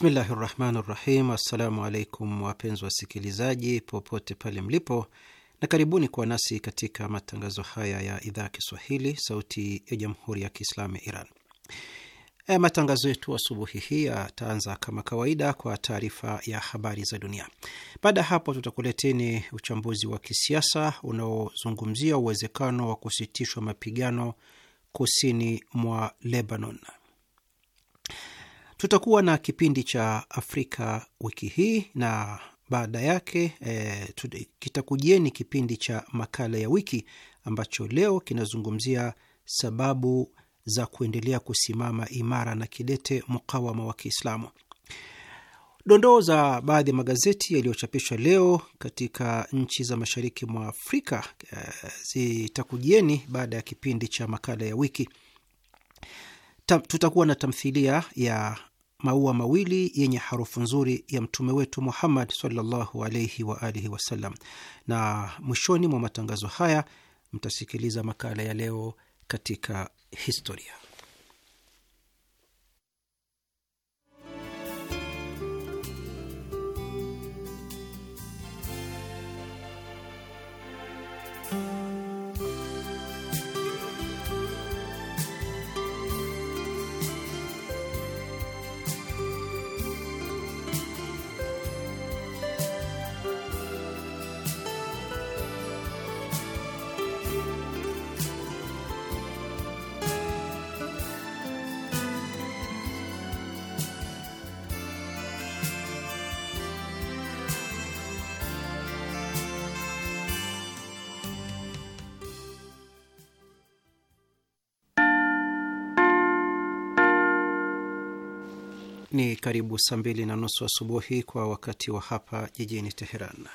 Bismillahi rahmani rahim. Assalamu alaikum wapenzi wasikilizaji popote pale mlipo, na karibuni kuwa nasi katika matangazo haya ya idhaa ya Kiswahili sauti ya jamhuri ya Kiislamu ya Iran. E, matangazo yetu asubuhi hii yataanza kama kawaida kwa taarifa ya habari za dunia. Baada ya hapo, tutakuleteni uchambuzi wa kisiasa unaozungumzia uwezekano wa kusitishwa mapigano kusini mwa Lebanon. Tutakuwa na kipindi cha Afrika wiki hii na baada yake e, kitakujieni kipindi cha makala ya wiki ambacho leo kinazungumzia sababu za kuendelea kusimama imara na kidete mukawama wa Kiislamu. Dondoo za baadhi ya magazeti yaliyochapishwa leo katika nchi za mashariki mwa Afrika e, zitakujieni baada ya kipindi cha makala ya wiki. Ta, tutakuwa na tamthilia ya maua mawili yenye harufu nzuri ya mtume wetu Muhammad sallallahu alaihi wa alihi wasallam, na mwishoni mwa matangazo haya mtasikiliza makala ya leo katika historia. Ni karibu saa mbili na nusu asubuhi wa kwa wakati wa hapa jijini Teheran.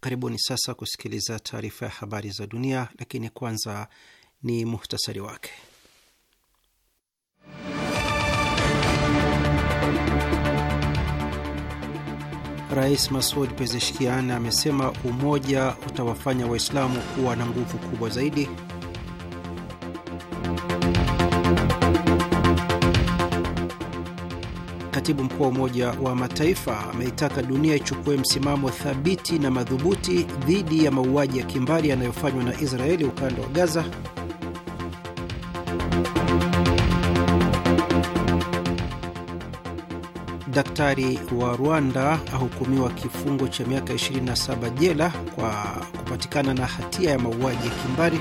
Karibuni sasa kusikiliza taarifa ya habari za dunia, lakini kwanza ni muhtasari wake. Rais masud Pezeshkian amesema umoja utawafanya Waislamu kuwa na nguvu kubwa zaidi. Katibu mkuu wa Umoja wa Mataifa ameitaka dunia ichukue msimamo thabiti na madhubuti dhidi ya mauaji ya kimbari yanayofanywa na Israeli ukanda wa Gaza. Daktari wa Rwanda ahukumiwa kifungo cha miaka 27 jela kwa kupatikana na hatia ya mauaji ya kimbari.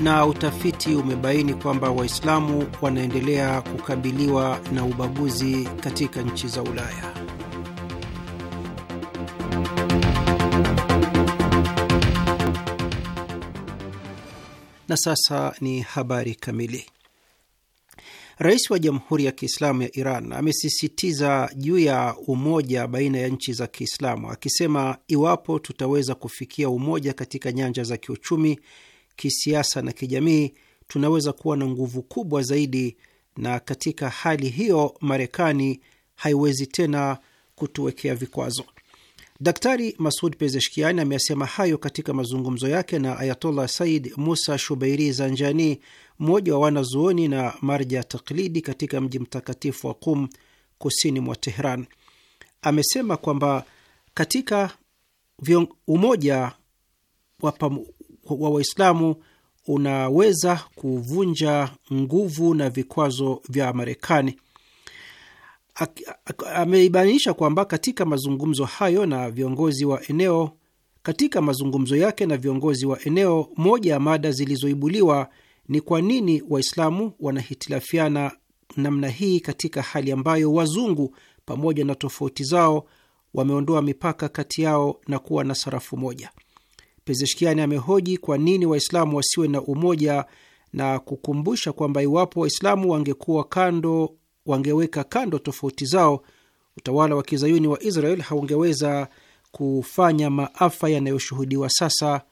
Na utafiti umebaini kwamba Waislamu wanaendelea kukabiliwa na ubaguzi katika nchi za Ulaya. Na sasa ni habari kamili. Rais wa Jamhuri ya Kiislamu ya Iran amesisitiza juu ya umoja baina ya nchi za Kiislamu akisema, iwapo tutaweza kufikia umoja katika nyanja za kiuchumi, kisiasa na kijamii, tunaweza kuwa na nguvu kubwa zaidi, na katika hali hiyo Marekani haiwezi tena kutuwekea vikwazo. Daktari Masud Pezeshkiani ameyasema hayo katika mazungumzo yake na Ayatollah Said Musa shubairi Zanjani, mmoja wa wanazuoni na marja taklidi katika mji mtakatifu wa Qum kusini mwa Tehran. Amesema kwamba katika umoja wa Waislamu unaweza kuvunja nguvu na vikwazo vya Marekani ameibainisha kwamba katika mazungumzo hayo na viongozi wa eneo katika mazungumzo yake na viongozi wa eneo, moja ya mada zilizoibuliwa ni kwa nini Waislamu wanahitilafiana namna hii katika hali ambayo wazungu pamoja na tofauti zao wameondoa mipaka kati yao na kuwa na sarafu moja. Pezeshkiani amehoji kwa nini Waislamu wasiwe na umoja na kukumbusha kwamba iwapo Waislamu wangekuwa kando wangeweka kando tofauti zao, utawala wa kizayuni wa Israel haungeweza kufanya maafa yanayoshuhudiwa sasa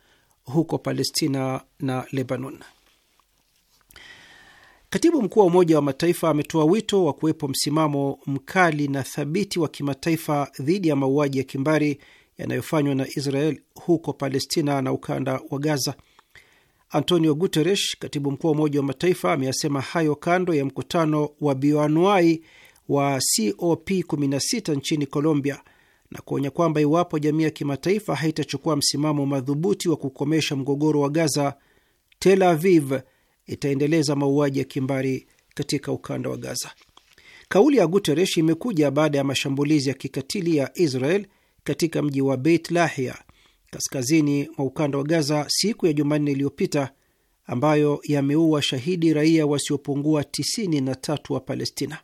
huko Palestina na Lebanon. Katibu mkuu wa Umoja wa Mataifa ametoa wito wa kuwepo msimamo mkali na thabiti wa kimataifa dhidi ya mauaji ya kimbari yanayofanywa na Israel huko Palestina na ukanda wa Gaza. Antonio Guterres, katibu mkuu wa Umoja wa Mataifa, ameyasema hayo kando ya mkutano wa bioanuai wa COP16 nchini Colombia na kuonya kwamba iwapo jamii ya kimataifa haitachukua msimamo madhubuti wa kukomesha mgogoro wa Gaza, Tel Aviv itaendeleza mauaji ya kimbari katika ukanda wa Gaza. Kauli ya Guterres imekuja baada ya mashambulizi ya kikatili ya Israel katika mji wa Beit Lahia kaskazini mwa ukanda wa Gaza siku ya Jumanne iliyopita ambayo yameua shahidi raia wasiopungua 93 wa Palestina.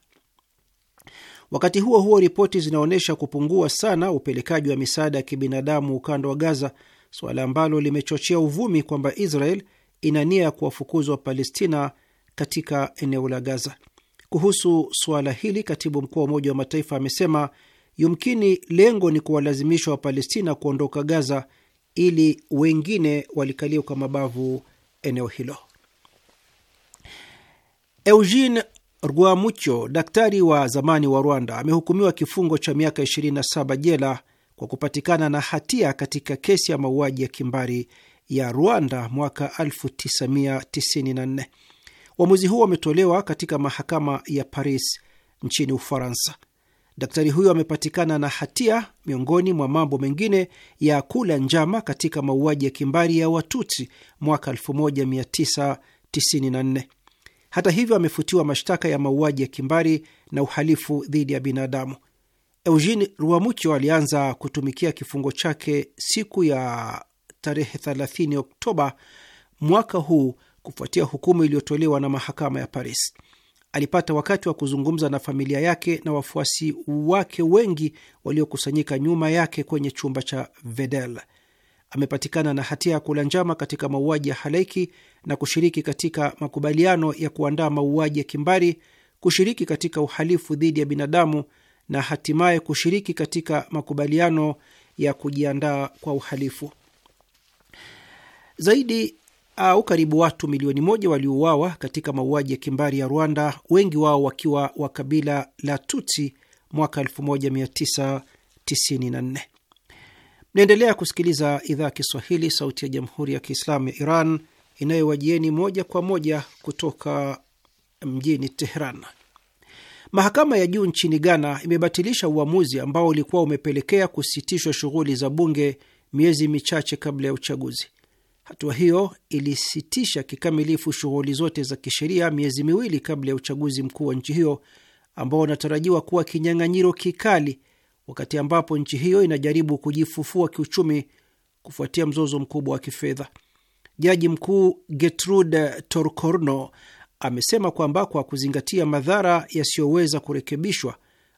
Wakati huo huo, ripoti zinaonyesha kupungua sana upelekaji wa misaada ya kibinadamu ukanda wa Gaza, suala ambalo limechochea uvumi kwamba Israel ina nia ya kuwafukuza Wapalestina katika eneo la Gaza. Kuhusu suala hili, katibu mkuu wa Umoja wa Mataifa amesema Yumkini lengo ni kuwalazimisha Wapalestina kuondoka Gaza ili wengine walikalia kwa mabavu eneo hilo. Eugene Rwamucho, daktari wa zamani wa Rwanda, amehukumiwa kifungo cha miaka 27 jela kwa kupatikana na hatia katika kesi ya mauaji ya kimbari ya Rwanda mwaka 1994. Uamuzi huo umetolewa katika mahakama ya Paris nchini Ufaransa. Daktari huyo amepatikana na hatia miongoni mwa mambo mengine ya kula njama katika mauaji ya kimbari ya Watuti mwaka 1994. Hata hivyo, amefutiwa mashtaka ya mauaji ya kimbari na uhalifu dhidi ya binadamu. Eugene ruamucho alianza kutumikia kifungo chake siku ya tarehe 30 Oktoba mwaka huu kufuatia hukumu iliyotolewa na mahakama ya Paris alipata wakati wa kuzungumza na familia yake na wafuasi wake wengi waliokusanyika nyuma yake kwenye chumba cha Vedel. Amepatikana na hatia ya kula njama katika mauaji ya halaiki na kushiriki katika makubaliano ya kuandaa mauaji ya kimbari, kushiriki katika uhalifu dhidi ya binadamu na hatimaye kushiriki katika makubaliano ya kujiandaa kwa uhalifu. Zaidi au karibu watu milioni moja waliouawa katika mauaji ya kimbari ya Rwanda, wengi wao wakiwa wa kabila la Tutsi mwaka 1994. Mnaendelea kusikiliza idhaa Kiswahili, sauti ya jamhuri ya kiislamu ya Iran inayowajieni moja kwa moja kutoka mjini Teheran. Mahakama ya juu nchini Ghana imebatilisha uamuzi ambao ulikuwa umepelekea kusitishwa shughuli za bunge miezi michache kabla ya uchaguzi. Hatua hiyo ilisitisha kikamilifu shughuli zote za kisheria miezi miwili kabla ya uchaguzi mkuu wa nchi hiyo ambao unatarajiwa kuwa kinyang'anyiro kikali, wakati ambapo nchi hiyo inajaribu kujifufua kiuchumi kufuatia mzozo mkubwa wa kifedha. Jaji mkuu Gertrude torcorno amesema kwamba kwa kuzingatia madhara yasiyoweza kurekebishwa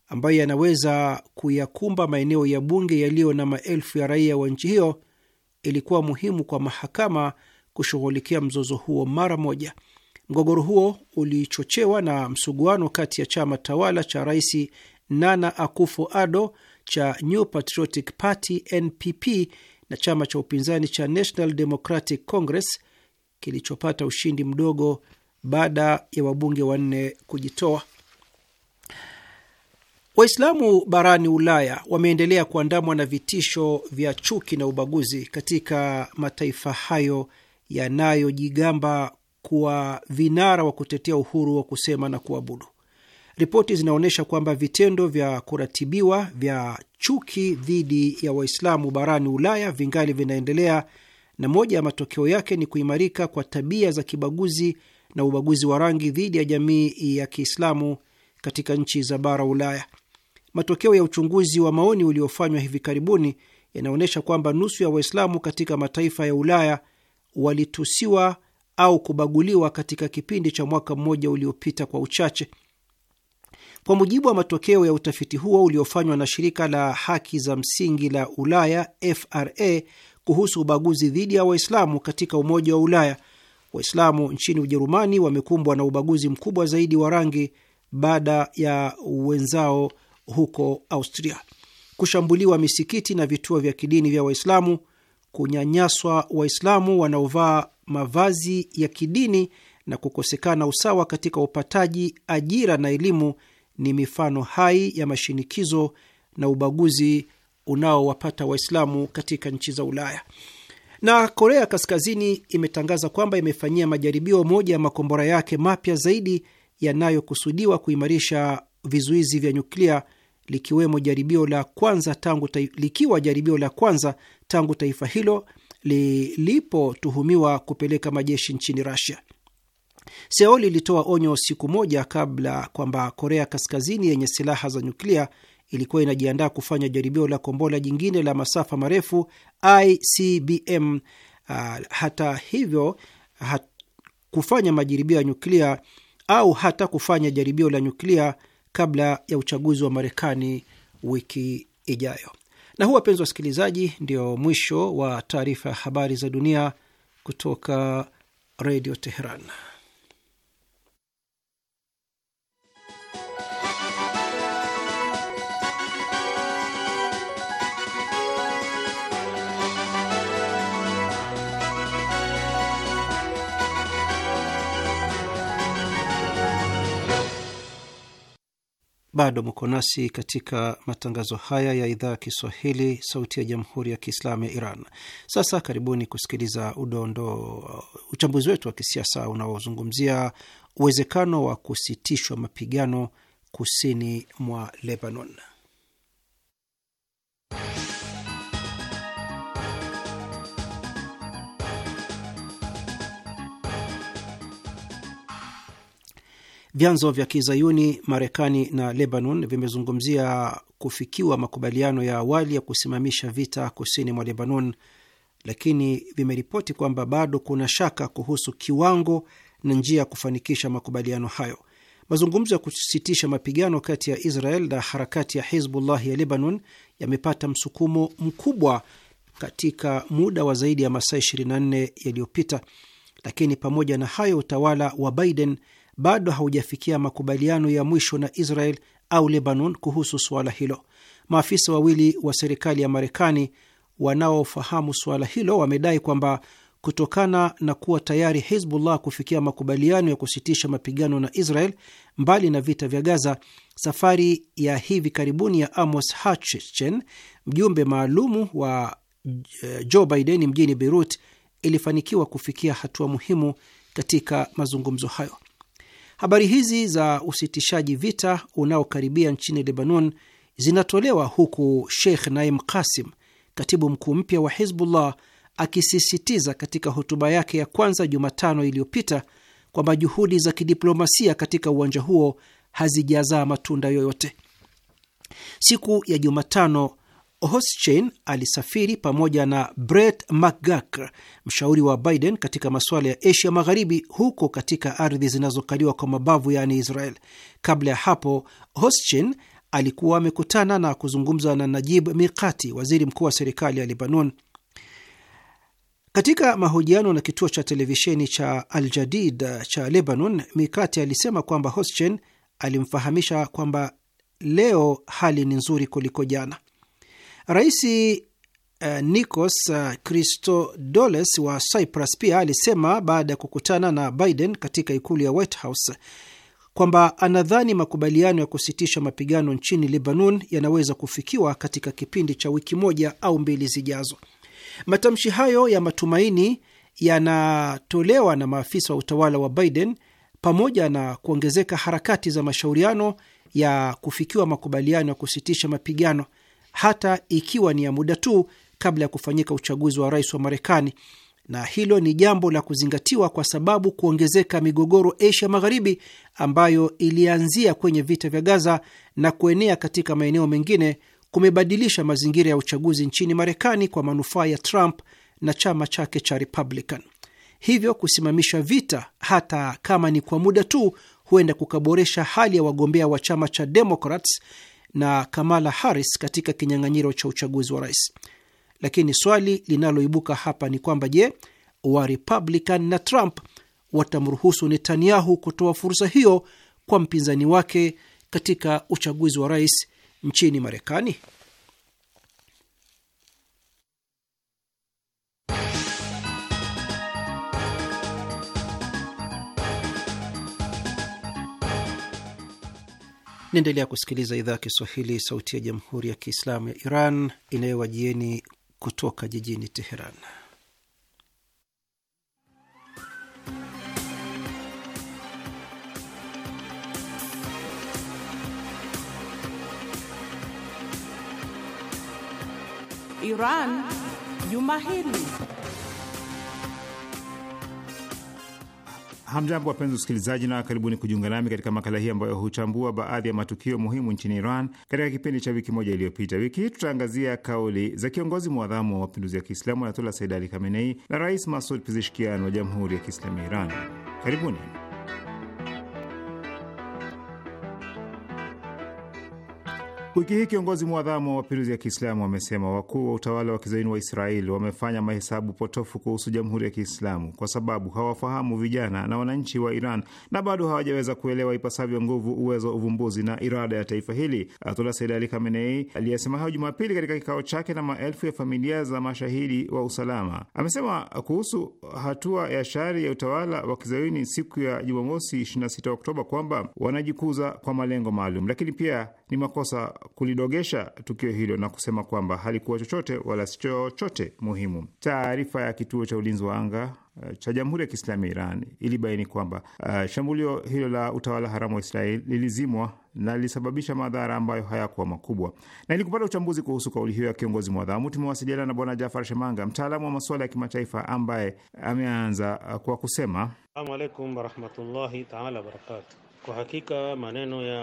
ambayo yanaweza kuyakumba maeneo ya bunge yaliyo na maelfu ya raia wa nchi hiyo, ilikuwa muhimu kwa mahakama kushughulikia mzozo huo mara moja. Mgogoro huo ulichochewa na msuguano kati ya chama tawala cha Rais Nana akufo ado cha New Patriotic Party NPP na chama cha upinzani cha National Democratic Congress kilichopata ushindi mdogo baada ya wabunge wanne kujitoa. Waislamu barani Ulaya wameendelea kuandamwa na vitisho vya chuki na ubaguzi katika mataifa hayo yanayojigamba kuwa vinara wa kutetea uhuru wa kusema na kuabudu. Ripoti zinaonyesha kwamba vitendo vya kuratibiwa vya chuki dhidi ya Waislamu barani Ulaya vingali vinaendelea, na moja ya matokeo yake ni kuimarika kwa tabia za kibaguzi na ubaguzi wa rangi dhidi ya jamii ya Kiislamu katika nchi za bara Ulaya matokeo ya uchunguzi wa maoni uliofanywa hivi karibuni yanaonyesha kwamba nusu ya Waislamu katika mataifa ya Ulaya walitusiwa au kubaguliwa katika kipindi cha mwaka mmoja uliopita kwa uchache. Kwa mujibu wa matokeo ya utafiti huo uliofanywa na shirika la haki za msingi la Ulaya FRA kuhusu ubaguzi dhidi ya Waislamu katika Umoja wa Ulaya, Waislamu nchini Ujerumani wamekumbwa na ubaguzi mkubwa zaidi wa rangi baada ya wenzao huko Austria, kushambuliwa misikiti na vituo vya kidini vya Waislamu, kunyanyaswa Waislamu wanaovaa mavazi ya kidini na kukosekana usawa katika upataji ajira na elimu ni mifano hai ya mashinikizo na ubaguzi unaowapata Waislamu katika nchi za Ulaya. Na Korea Kaskazini imetangaza kwamba imefanyia majaribio moja ya makombora yake mapya zaidi yanayokusudiwa kuimarisha vizuizi vya nyuklia likiwemo jaribio la kwanza tangu taifa, likiwa jaribio la kwanza tangu taifa hilo lilipotuhumiwa kupeleka majeshi nchini Russia. Seoul ilitoa onyo siku moja kabla kwamba Korea Kaskazini yenye silaha za nyuklia ilikuwa inajiandaa kufanya jaribio la kombora jingine la masafa marefu ICBM. Uh, ah, hata hivyo hat, kufanya majaribio ya nyuklia au hata kufanya jaribio la nyuklia kabla ya uchaguzi wa Marekani wiki ijayo. Na huu, wapenzi wasikilizaji, ndio mwisho wa taarifa ya habari za dunia kutoka Redio Teheran. bado mko nasi katika matangazo haya ya idhaa ya Kiswahili, sauti ya jamhuri ya kiislamu ya Iran. Sasa karibuni kusikiliza udondo, uchambuzi wetu wa kisiasa unaozungumzia uwezekano wa kusitishwa mapigano kusini mwa Lebanon. Vyanzo vya kizayuni Marekani na Lebanon vimezungumzia kufikiwa makubaliano ya awali ya kusimamisha vita kusini mwa Lebanon, lakini vimeripoti kwamba bado kuna shaka kuhusu kiwango na njia ya kufanikisha makubaliano hayo. Mazungumzo ya kusitisha mapigano kati ya Israel na harakati ya Hizbullah ya Lebanon yamepata msukumo mkubwa katika muda wa zaidi ya masaa 24 yaliyopita, lakini pamoja na hayo utawala wa Biden bado haujafikia makubaliano ya mwisho na Israel au Lebanon kuhusu suala hilo. Maafisa wawili wa serikali ya Marekani wanaofahamu suala hilo wamedai kwamba kutokana na kuwa tayari Hizbullah kufikia makubaliano ya kusitisha mapigano na Israel mbali na vita vya Gaza, safari ya hivi karibuni ya Amos Hochstein, mjumbe maalumu wa eh, Joe Biden mjini Beirut, ilifanikiwa kufikia hatua muhimu katika mazungumzo hayo. Habari hizi za usitishaji vita unaokaribia nchini Lebanon zinatolewa huku Sheikh Naim Kasim, katibu mkuu mpya wa Hizbullah, akisisitiza katika hotuba yake ya kwanza Jumatano iliyopita kwamba juhudi za kidiplomasia katika uwanja huo hazijazaa matunda yoyote. Siku ya Jumatano, Hochstein alisafiri pamoja na Brett McGurk, mshauri wa Biden katika masuala ya Asia Magharibi, huko katika ardhi zinazokaliwa kwa mabavu yaani Israel. Kabla ya hapo, Hochstein alikuwa amekutana na kuzungumza na Najib Mikati, waziri mkuu wa serikali ya Lebanon. Katika mahojiano na kituo cha televisheni cha Al Jadid cha Lebanon, Mikati alisema kwamba Hochstein alimfahamisha kwamba leo hali ni nzuri kuliko jana. Rais uh, Nikos eh, Christodoles wa Cyprus pia alisema baada ya kukutana na Biden katika ikulu ya White House kwamba anadhani makubaliano ya kusitisha mapigano nchini Lebanon yanaweza kufikiwa katika kipindi cha wiki moja au mbili zijazo. Matamshi hayo ya matumaini yanatolewa na maafisa wa utawala wa Biden pamoja na kuongezeka harakati za mashauriano ya kufikiwa makubaliano ya kusitisha mapigano hata ikiwa ni ya muda tu kabla ya kufanyika uchaguzi wa rais wa Marekani, na hilo ni jambo la kuzingatiwa kwa sababu kuongezeka migogoro Asia Magharibi ambayo ilianzia kwenye vita vya Gaza na kuenea katika maeneo mengine kumebadilisha mazingira ya uchaguzi nchini Marekani kwa manufaa ya Trump na chama chake cha Republican. Hivyo kusimamisha vita, hata kama ni kwa muda tu, huenda kukaboresha hali ya wagombea wa chama cha Democrats na Kamala Harris katika kinyang'anyiro cha uchaguzi wa rais. Lakini swali linaloibuka hapa ni kwamba je, wa Republican na Trump watamruhusu Netanyahu kutoa fursa hiyo kwa mpinzani wake katika uchaguzi wa rais nchini Marekani? Naendelea kusikiliza idhaa ya Kiswahili, sauti ya jamhuri ya kiislamu ya Iran inayowajieni kutoka jijini Teheran. Iran Juma Hili. Hamjambo, wapenzi usikilizaji, na karibuni kujiunga nami katika makala hii ambayo huchambua baadhi ya matukio muhimu nchini Iran katika kipindi cha wiki moja iliyopita. Wiki hii tutaangazia kauli za kiongozi mwadhamu wa mapinduzi ya Kiislamu Ayatollah saidali Ali Khamenei na Rais Masud Pezeshkian wa Jamhuri ya Kiislamu ya Iran. Karibuni. Wiki hii kiongozi mwadhamu wa mapinduzi ya Kiislamu wamesema wakuu wa utawala wa kizaini wa Israeli wamefanya mahesabu potofu kuhusu jamhuri ya Kiislamu kwa sababu hawafahamu vijana na wananchi wa Iran na bado hawajaweza kuelewa ipasavyo nguvu, uwezo, uvumbuzi na irada ya taifa hili. Ayatullah Sayyid Ali Khamenei aliyesema hayo Jumapili katika kikao chake na maelfu ya familia za mashahidi wa usalama amesema kuhusu hatua ya shari ya utawala wa kizaini siku ya Jumamosi 26 Oktoba kwamba wanajikuza kwa malengo maalum, lakini pia ni makosa kulidogesha tukio hilo na kusema kwamba halikuwa chochote wala si chochote muhimu. Taarifa ya kituo cha ulinzi wa anga eh, cha Jamhuri ya Kiislamu ya Iran ilibaini kwamba uh, shambulio hilo la utawala haramu wa Israeli lilizimwa na lilisababisha madhara ambayo hayakuwa makubwa. Na ili kupata uchambuzi kuhusu kauli hiyo ya kiongozi mwadhamu, tumewasiliana na Bwana Jafar Shemanga, mtaalamu wa masuala ya kimataifa, ambaye ameanza eh, kwa kusema: assalamu alaikum warahmatullahi taala wabarakatuh kwa hakika maneno ya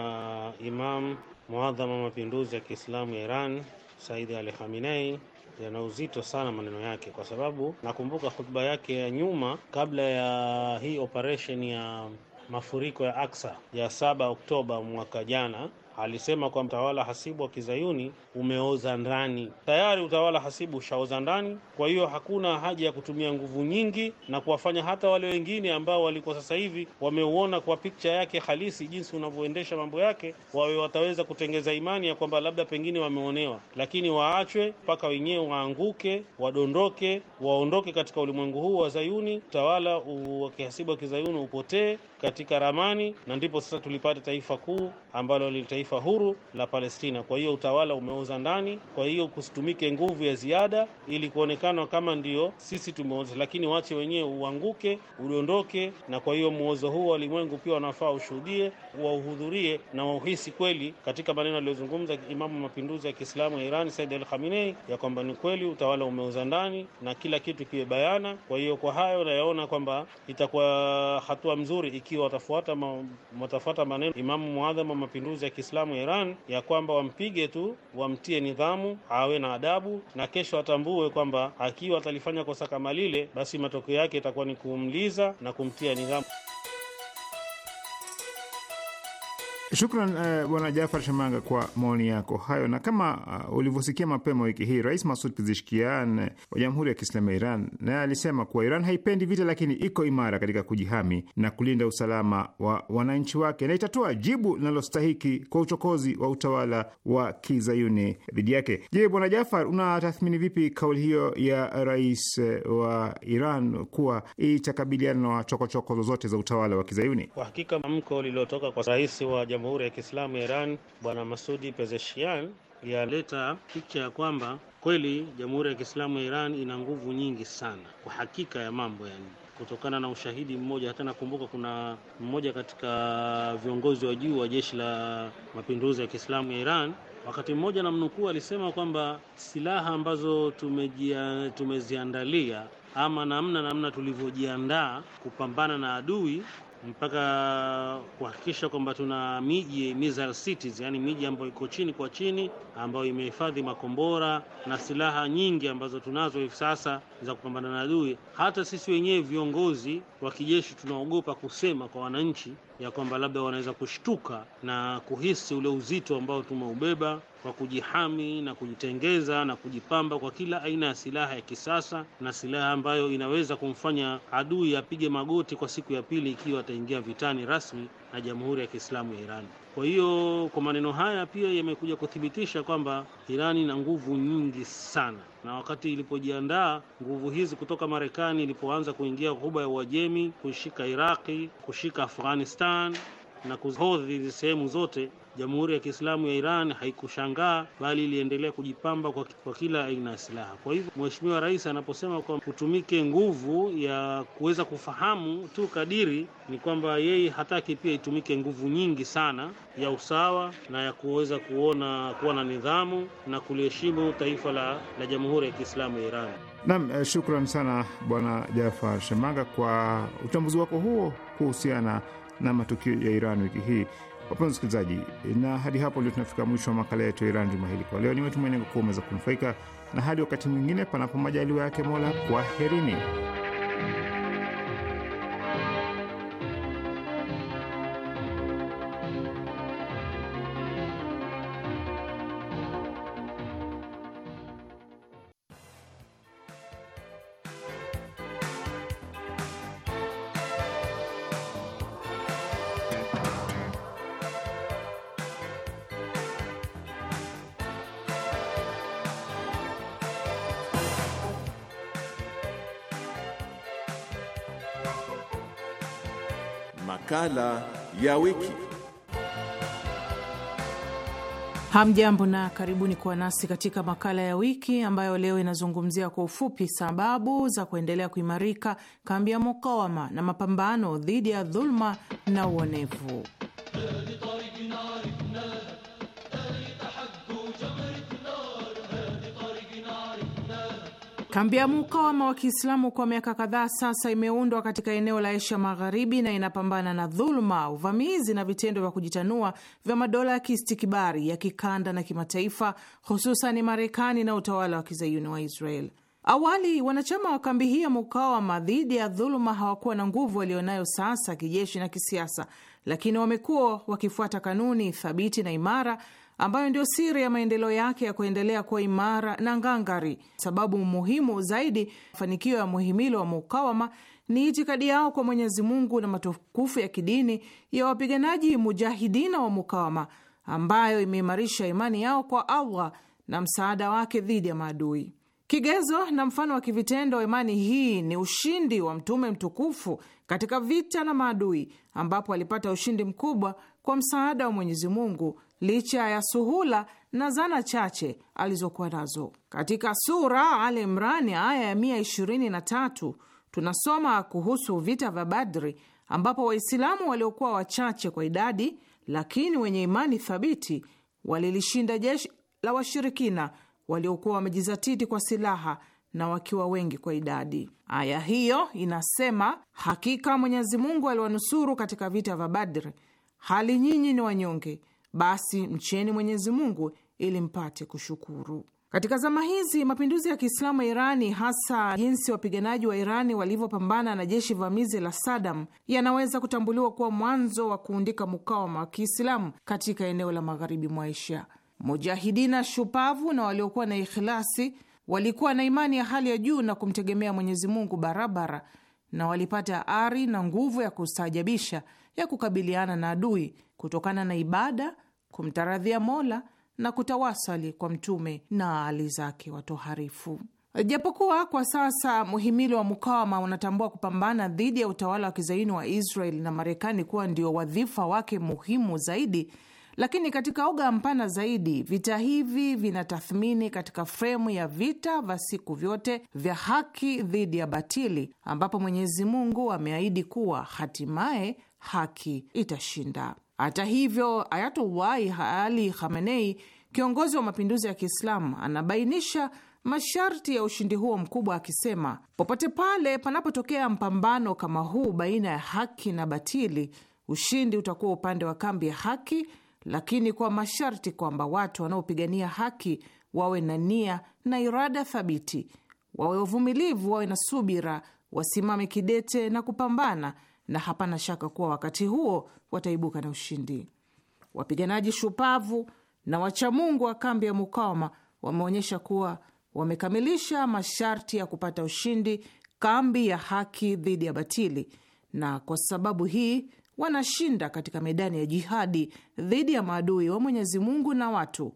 Imam wa Mapinduzi ya Kiislamu ya Iran Saidi Ali Khamenei yana uzito sana maneno yake, kwa sababu nakumbuka hotuba yake ya nyuma kabla ya hii operation ya mafuriko ya Aksa ya 7 Oktoba mwaka jana alisema kwamba utawala hasibu wa kizayuni umeoza ndani tayari. Utawala hasibu ushaoza ndani, kwa hiyo hakuna haja ya kutumia nguvu nyingi na kuwafanya hata wale wengine ambao walikuwa sasa hivi wameuona kwa picha yake halisi jinsi unavyoendesha mambo yake, wawe wataweza kutengeza imani ya kwamba labda pengine wameonewa, lakini waachwe mpaka wenyewe waanguke, wadondoke, waondoke katika ulimwengu huu wa zayuni, utawala wa kihasibu wa kizayuni upotee katika ramani, na ndipo sasa tulipata taifa kuu ambalo ni taifa huru la Palestina. Kwa hiyo utawala umeoza ndani, kwa hiyo kusitumike nguvu ya ziada ili kuonekana kama ndio sisi tumeoza, lakini wache wenyewe uanguke, udondoke. Na kwa hiyo muozo huu walimwengu pia wanafaa ushuhudie, wauhudhurie na wauhisi kweli, katika maneno aliyozungumza Imamu mapinduzi ya Kiislamu ya Iran Said al Khamenei ya kwamba ni kweli utawala umeoza ndani na kila kitu kiwe bayana. Kwa hiyo kwa hayo nayaona kwamba itakuwa hatua mzuri iki basi watafuata, ma, watafuata maneno Imamu muadhamu wa mapinduzi ya Kiislamu ya Iran ya kwamba wampige tu, wamtie nidhamu, awe na adabu, na kesho atambue kwamba akiwa atalifanya kosa kama lile, basi matokeo yake itakuwa ni kumliza na kumtia nidhamu. Shukran uh, bwana Jafar shamanga kwa maoni yako hayo. Na kama uh, ulivyosikia mapema wiki hii, Rais Masud Pizishkian eh, wa Jamhuri ya Kiislamu ya Iran naye alisema kuwa Iran haipendi vita, lakini iko imara katika kujihami na kulinda usalama wa wananchi wake na itatoa jibu linalostahiki kwa uchokozi wa utawala wa kizayuni dhidi yake. Je, bwana Jafar, unatathmini vipi kauli hiyo ya rais wa Iran kuwa itakabiliana na chokochoko zozote za utawala wa kizayuni? Kwa hakika, lililotoka kwa rais wa Jamhuri ya Kiislamu ya Iran Bwana Masudi Pezeshian yaleta picha ya kwamba kweli Jamhuri ya Kiislamu ya Iran ina nguvu nyingi sana kwa hakika ya mambo yani kutokana na ushahidi mmoja. Hata nakumbuka kuna mmoja katika viongozi wa juu wa jeshi la mapinduzi ya Kiislamu ya Iran wakati mmoja namnukuu, alisema kwamba silaha ambazo tumejia, tumeziandalia ama namna namna tulivyojiandaa kupambana na adui mpaka kuhakikisha kwamba tuna miji missile cities, yani miji ambayo iko chini kwa chini ambayo imehifadhi makombora na silaha nyingi ambazo tunazo hivi sasa za kupambana na adui. Hata sisi wenyewe viongozi wa kijeshi tunaogopa kusema kwa wananchi ya kwamba labda wanaweza kushtuka na kuhisi ule uzito ambao tumeubeba kwa kujihami na kujitengeza na kujipamba kwa kila aina ya silaha ya kisasa na silaha ambayo inaweza kumfanya adui apige magoti kwa siku ya pili ikiwa ataingia vitani rasmi na Jamhuri ya Kiislamu ya Irani. Kwa hiyo kwa maneno haya pia yamekuja kuthibitisha kwamba Irani ina nguvu nyingi sana, na wakati ilipojiandaa nguvu hizi kutoka Marekani, ilipoanza kuingia ghuba ya Uajemi, kushika Iraki, kushika Afghanistan na kuhodhi sehemu zote Jamhuri ya Kiislamu ya Iran haikushangaa bali iliendelea kujipamba kwa, kwa kila aina ya silaha. Kwa hivyo Mheshimiwa Rais anaposema kwamba kutumike nguvu ya kuweza kufahamu tu kadiri, ni kwamba yeye hataki pia itumike nguvu nyingi sana ya usawa na ya kuweza kuona kuwa na nidhamu na kuliheshimu taifa la, la Jamhuri ya Kiislamu ya Iran. Naam, eh, shukran sana Bwana Jafar Shemanga kwa uchambuzi wako huo kuhusiana na matukio ya Iran wiki hii. Wapenzi wasikilizaji, na hadi hapo ndio tunafika mwisho wa makala yetu ya Iran juma hili kwa leo. Ni matumaini kuwa umeweza kunufaika, na hadi wakati mwingine, panapo majaliwa yake Mola, kwaherini. ya wiki. Hamjambo na karibuni kuwa nasi katika makala ya wiki ambayo leo inazungumzia kwa ufupi sababu za kuendelea kuimarika kambi ya mukawama na mapambano dhidi ya dhuluma na uonevu. Kambi ya mukawama wa Kiislamu kwa miaka kadhaa sasa imeundwa katika eneo la Asia Magharibi na inapambana na dhuluma, uvamizi na vitendo vya kujitanua vya madola ya kiistikibari ya kikanda na kimataifa, hususan Marekani na utawala wa kizayuni wa Israel. Awali wanachama wa kambi hiyo mukawama dhidi ya dhuluma hawakuwa na nguvu walionayo sasa kijeshi na kisiasa, lakini wamekuwa wakifuata kanuni thabiti na imara ambayo ndio siri ya maendeleo yake ya kuendelea kuwa imara na ngangari. Sababu muhimu zaidi mafanikio ya muhimili wa mukawama ni itikadi yao kwa Mwenyezi Mungu na matukufu ya kidini ya wapiganaji mujahidina wa mukawama ambayo imeimarisha imani yao kwa Allah na msaada wake dhidi ya maadui. Kigezo na mfano wa kivitendo wa imani hii ni ushindi wa Mtume mtukufu katika vita na maadui, ambapo alipata ushindi mkubwa kwa msaada wa Mwenyezi Mungu licha ya suhula na zana chache alizokuwa nazo. Katika sura Al Imrani aya ya tatu tunasoma kuhusu vita vya Badri ambapo Waislamu waliokuwa wachache kwa idadi lakini wenye imani thabiti walilishinda jeshi la washirikina waliokuwa wamejizatiti kwa silaha na wakiwa wengi kwa idadi. Aya hiyo inasema, hakika Mwenyezi Mungu aliwanusuru katika vita vya Badri, hali nyinyi ni wanyonge basi mcheni Mwenyezi Mungu ili mpate kushukuru. Katika zama hizi mapinduzi ya Kiislamu ya Irani, hasa jinsi wapiganaji wa Irani walivyopambana na jeshi vamizi la Sadam, yanaweza kutambuliwa kuwa mwanzo wa kuundika mukawama wa Kiislamu katika eneo la magharibi mwa Asia. Mujahidina shupavu na waliokuwa na ikhilasi walikuwa na imani ya hali ya juu na kumtegemea Mwenyezi Mungu barabara, na walipata ari na nguvu ya kustaajabisha ya kukabiliana na adui kutokana na ibada kumtaradhia Mola na kutawasali kwa Mtume na ali zake watoharifu. Japokuwa kwa sasa muhimili wa mukawama unatambua kupambana dhidi ya utawala wa kizaini wa Israeli na Marekani kuwa ndio wadhifa wake muhimu zaidi, lakini katika uga mpana zaidi, vita hivi vinatathmini katika fremu ya vita vya siku vyote vya haki dhidi ya batili, ambapo Mwenyezi Mungu ameahidi kuwa hatimaye haki itashinda. Hata hivyo, Ayatollah Ali Khamenei, kiongozi wa mapinduzi ya Kiislamu, anabainisha masharti ya ushindi huo mkubwa akisema, popote pale panapotokea mpambano kama huu baina ya haki na batili, ushindi utakuwa upande wa kambi ya haki, lakini kwa masharti kwamba watu wanaopigania haki wawe na nia na irada thabiti, wawe wavumilivu, wawe na subira, wasimame kidete na kupambana na hapana shaka kuwa wakati huo wataibuka na ushindi. Wapiganaji shupavu na wachamungu wa kambi ya mukawama wameonyesha kuwa wamekamilisha masharti ya kupata ushindi kambi ya haki dhidi ya batili, na kwa sababu hii wanashinda katika medani ya jihadi dhidi ya maadui wa Mwenyezi Mungu na watu.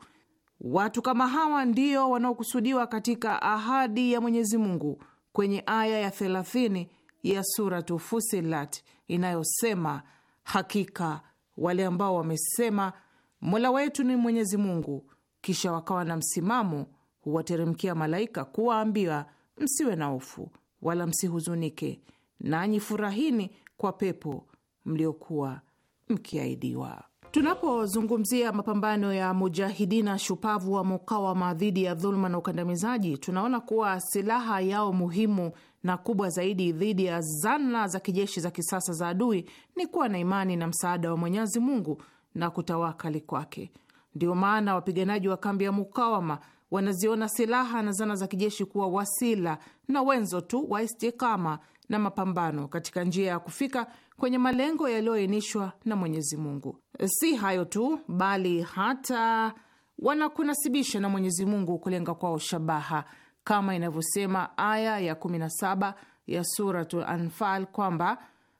Watu kama hawa ndio wanaokusudiwa katika ahadi ya Mwenyezi Mungu kwenye aya ya thelathini ya Suratu Fusilat inayosema, hakika wale ambao wamesema mola wetu ni Mwenyezi Mungu, kisha wakawa na msimamo, huwateremkia malaika kuwaambia, msiwe na hofu wala msihuzunike, nanyi furahini kwa pepo mliokuwa mkiahidiwa. Tunapozungumzia mapambano ya mujahidina shupavu wa mukawama dhidi ya dhuluma na ukandamizaji, tunaona kuwa silaha yao muhimu na kubwa zaidi dhidi ya zana za kijeshi za kisasa za adui ni kuwa na imani na msaada wa Mwenyezi Mungu na kutawakali kwake. Ndio maana wapiganaji wa kambi ya mukawama wanaziona silaha na zana za kijeshi kuwa wasila na wenzo tu wa istikama na mapambano katika njia ya kufika kwenye malengo yaliyoainishwa na Mwenyezi Mungu. Si hayo tu, bali hata wanakunasibisha na Mwenyezi Mungu kulenga kwao shabaha, kama inavyosema aya ya 17 ya Suratu Anfal kwamba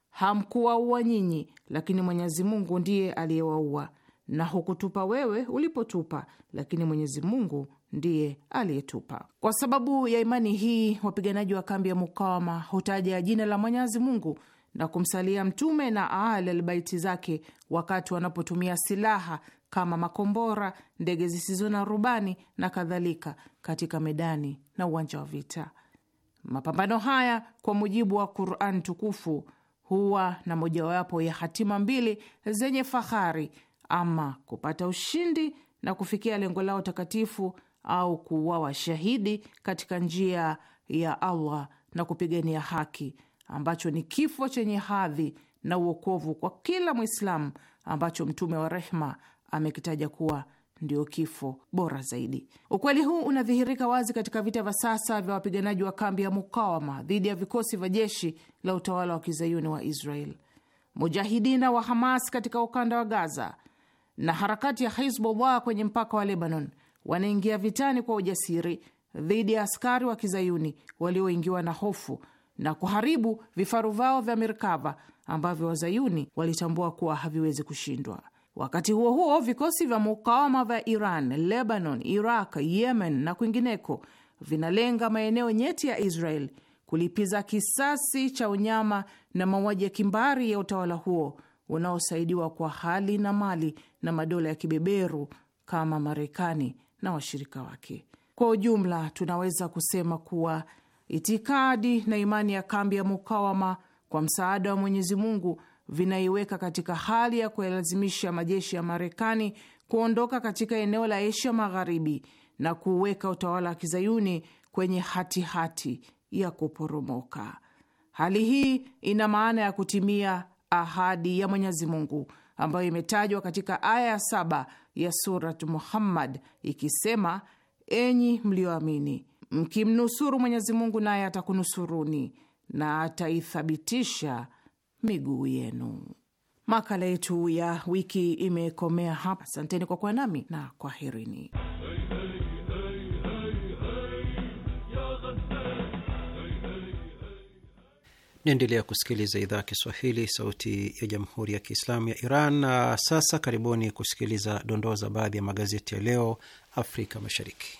hamkuwaua nyinyi, lakini Mwenyezi Mungu ndiye aliyewaua, na hukutupa wewe ulipotupa, lakini Mwenyezi Mungu ndiye aliyetupa. Kwa sababu ya imani hii, wapiganaji wa kambi ya mukawama hutaja jina la Mwenyezi Mungu na kumsalia Mtume na aal albaiti zake wakati wanapotumia silaha kama makombora, ndege zisizo na rubani na kadhalika katika medani na uwanja wa vita. Mapambano haya kwa mujibu wa Quran tukufu huwa na mojawapo ya hatima mbili zenye fahari, ama kupata ushindi na kufikia lengo lao takatifu, au kuuawa shahidi katika njia ya Allah na kupigania haki ambacho ni kifo chenye hadhi na uokovu kwa kila Mwislamu, ambacho mtume wa rehma amekitaja kuwa ndio kifo bora zaidi. Ukweli huu unadhihirika wazi katika vita vya sasa vya wapiganaji wa kambi ya mukawama dhidi ya vikosi vya jeshi la utawala wa kizayuni wa Israel, mujahidina wa Hamas katika ukanda wa Gaza na harakati ya Hizbullah kwenye mpaka wa Lebanon wanaingia vitani kwa ujasiri dhidi ya askari wa kizayuni walioingiwa na hofu na kuharibu vifaru vao vya Merkava ambavyo wazayuni walitambua kuwa haviwezi kushindwa. Wakati huo huo, vikosi vya mukawama vya Iran, Lebanon, Iraq, Yemen na kwingineko vinalenga maeneo nyeti ya Israel kulipiza kisasi cha unyama na mauaji ya kimbari ya utawala huo unaosaidiwa kwa hali na mali na madola ya kibeberu kama Marekani na washirika wake. Kwa ujumla, tunaweza kusema kuwa itikadi na imani ya kambi ya mukawama kwa msaada wa Mwenyezi Mungu vinaiweka katika hali ya kuyalazimisha majeshi ya Marekani kuondoka katika eneo la Asia Magharibi na kuuweka utawala wa kizayuni kwenye hatihati hati ya kuporomoka. Hali hii ina maana ya kutimia ahadi ya Mwenyezi Mungu ambayo imetajwa katika aya ya saba ya Surat Muhammad ikisema, enyi mlioamini Mkimnusuru Mwenyezi Mungu naye atakunusuruni na ataithabitisha miguu yenu. Makala yetu ya wiki imekomea hapa. Asanteni kwa kuwa nami na kwaherini. Naendelea kusikiliza idhaa ya Kiswahili, sauti ya jamhuri ya kiislamu ya Iran. Na sasa karibuni kusikiliza dondoo za baadhi ya magazeti ya leo Afrika Mashariki.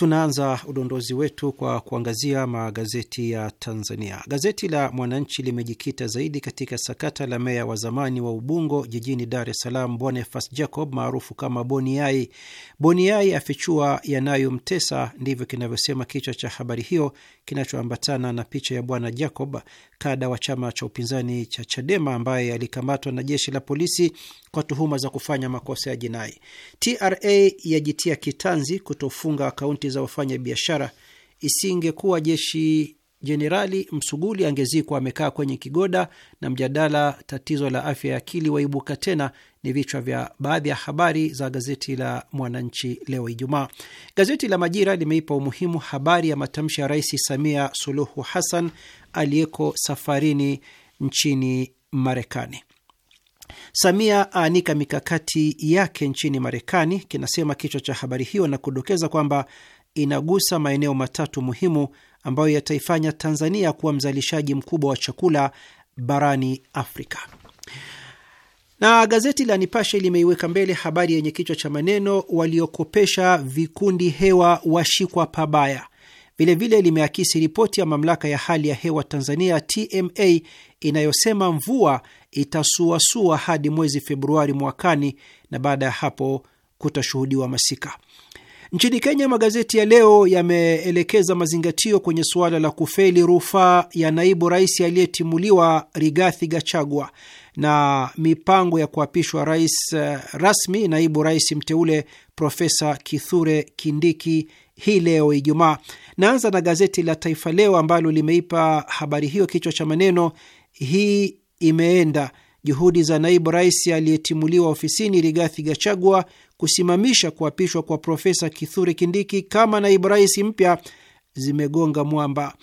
Tunaanza udondozi wetu kwa kuangazia magazeti ya Tanzania. Gazeti la Mwananchi limejikita zaidi katika sakata la meya wa zamani wa Ubungo jijini Dar es Salaam, Boniface Jacob maarufu kama Boniai. Boniai afichua yanayomtesa, ndivyo kinavyosema kichwa cha habari hiyo kinachoambatana na picha ya Bwana Jacob, kada wa chama cha upinzani cha Chadema ambaye alikamatwa na jeshi la polisi kwa tuhuma za kufanya makosa ya jinai. TRA yajitia kitanzi kutofunga akaunti za wafanyabiashara. Isingekuwa jeshi Jenerali Msuguli angezikwa amekaa kwenye kigoda, na mjadala tatizo la afya ya akili waibuka tena, ni vichwa vya baadhi ya habari za gazeti la Mwananchi leo Ijumaa. Gazeti la Majira limeipa umuhimu habari ya matamshi ya Rais Samia Suluhu Hassan aliyeko safarini nchini Marekani. Samia aanika mikakati yake nchini Marekani, kinasema kichwa cha habari hiyo, na kudokeza kwamba inagusa maeneo matatu muhimu ambayo yataifanya Tanzania kuwa mzalishaji mkubwa wa chakula barani Afrika. Na gazeti la Nipashe limeiweka mbele habari yenye kichwa cha maneno waliokopesha vikundi hewa washikwa pabaya. Vilevile limeakisi ripoti ya mamlaka ya hali ya hewa Tanzania TMA inayosema mvua itasuasua hadi mwezi Februari mwakani, na baada ya hapo kutashuhudiwa masika. Nchini Kenya, magazeti ya leo yameelekeza mazingatio kwenye suala la kufeli rufaa ya naibu rais aliyetimuliwa Rigathi Gachagua na mipango ya kuapishwa rais eh, rasmi naibu rais mteule Profesa Kithure Kindiki hii leo Ijumaa. Naanza na gazeti la Taifa Leo ambalo limeipa habari hiyo kichwa cha maneno, hii imeenda juhudi za naibu rais aliyetimuliwa ofisini Rigathi Gachagua kusimamisha kuapishwa kwa Profesa Kithure Kindiki kama naibu rais mpya zimegonga mwamba.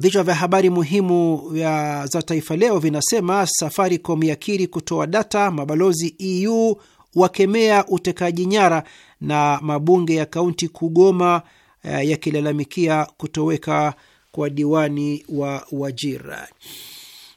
Vichwa vya habari muhimu ya za Taifa Leo vinasema: Safaricom yakiri kutoa data, mabalozi EU wakemea utekaji nyara, na mabunge ya kaunti kugoma eh, yakilalamikia kutoweka kwa diwani wa Wajir.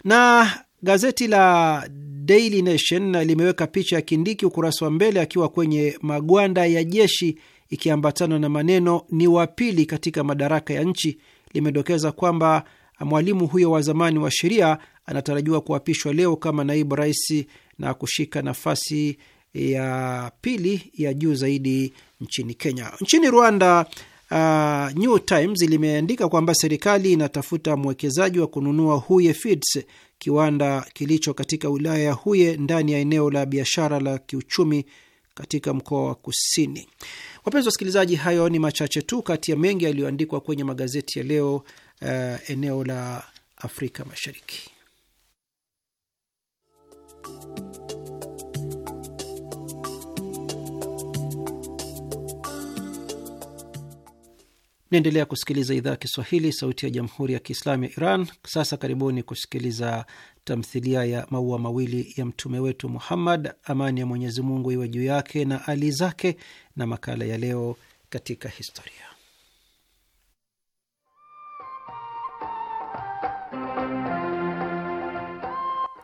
Na Gazeti la Daily Nation limeweka picha ya Kindiki ukurasa wa mbele akiwa kwenye magwanda ya jeshi ikiambatana na maneno ni wa pili katika madaraka ya nchi. Limedokeza kwamba mwalimu huyo wa zamani wa sheria anatarajiwa kuapishwa leo kama naibu rais na kushika nafasi ya pili ya juu zaidi nchini Kenya. Nchini Rwanda, uh, New Times limeandika kwamba serikali inatafuta mwekezaji wa kununua Huye Feeds, kiwanda kilicho katika wilaya ya Huye ndani ya eneo la biashara la kiuchumi katika mkoa wa Kusini. Wapenzi wasikilizaji, hayo ni machache tu kati ya mengi yaliyoandikwa kwenye magazeti ya leo uh, eneo la Afrika Mashariki. Naendelea kusikiliza idhaa ya Kiswahili, sauti ya jamhuri ya kiislamu ya Iran. Sasa karibuni kusikiliza tamthilia ya maua mawili ya mtume wetu Muhammad, amani ya Mwenyezi Mungu iwe juu yake na ali zake, na makala ya leo katika historia.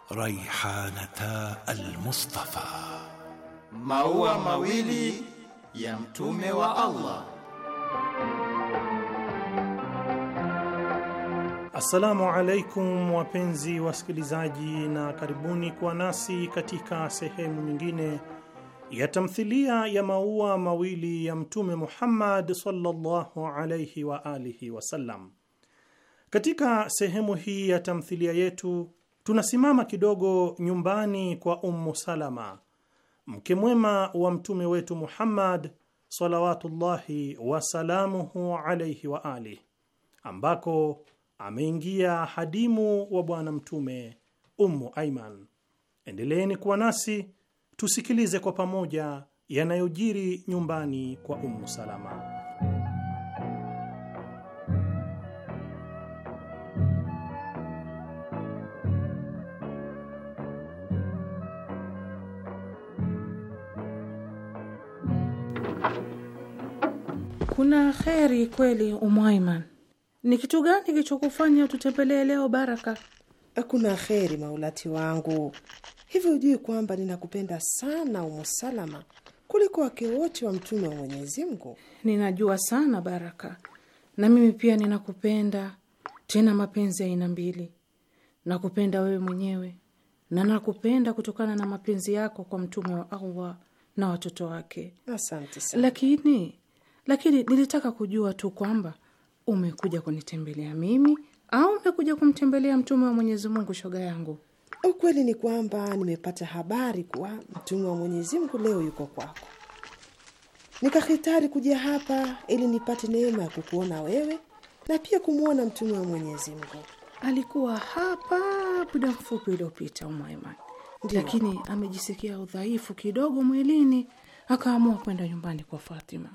Raihanata Almustafa, maua mawili ya mtume wa Allah. Assalamu alaikum wapenzi wasikilizaji, na karibuni kuwa nasi katika sehemu nyingine ya tamthilia ya maua mawili ya Mtume Muhammad sallallahu alaihi wa alihi wasallam. Katika sehemu hii ya tamthilia yetu tunasimama kidogo nyumbani kwa Ummu Salama, mke mwema wa mtume wetu Muhammad salawatullahi wasalamuhu alaihi wa alihi, ambako ameingia hadimu wa Bwana Mtume Ummu Aiman. Endeleeni kuwa nasi tusikilize kwa pamoja yanayojiri nyumbani kwa Ummu Salama. Kuna kheri kweli, umu Aiman? Ni kitu gani kilichokufanya tutembelee leo Baraka? Kuna kheri, maulati wangu. hivyo hujui kwamba ninakupenda sana Umu Salama kuliko wake wote wa mtume wa Mwenyezi Mungu? Ninajua sana Baraka, na mimi pia ninakupenda, tena mapenzi aina mbili. Nakupenda wewe mwenyewe na nakupenda kutokana na mapenzi yako kwa mtume wa Allah na watoto wake. Asante sana. Lakini lakini nilitaka kujua tu kwamba umekuja kunitembelea mimi au umekuja kumtembelea mtume wa Mwenyezi Mungu, shoga yangu? Ukweli ni kwamba nimepata habari kuwa mtume wa Mwenyezi Mungu leo yuko kwako, nikahitari kuja hapa ili nipate neema ya kukuona wewe na pia kumwona mtume wa Mwenyezi Mungu. Alikuwa hapa muda mfupi uliopita, Umaiman, lakini amejisikia udhaifu kidogo mwilini, akaamua kwenda nyumbani kwa Fatima